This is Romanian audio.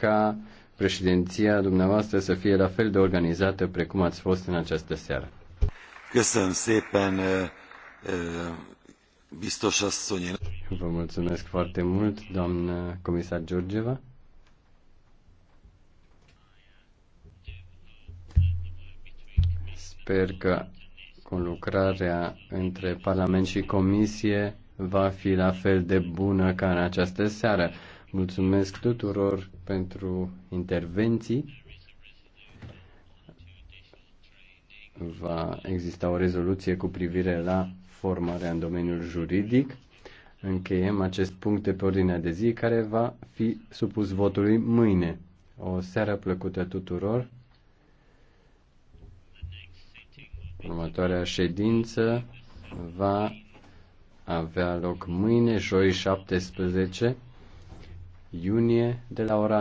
ca președinția dumneavoastră să fie la fel de organizată precum ați fost în această seară. Eh, eh, Vă mulțumesc foarte mult, doamnă comisar Georgieva. Sper că conlucrarea între Parlament și Comisie va fi la fel de bună ca în această seară. Mulțumesc tuturor pentru intervenții. Va exista o rezoluție cu privire la formarea în domeniul juridic. Încheiem acest punct de pe ordinea de zi care va fi supus votului mâine. O seară plăcută tuturor. Următoarea ședință va avea loc mâine, joi 17 iunie de la ora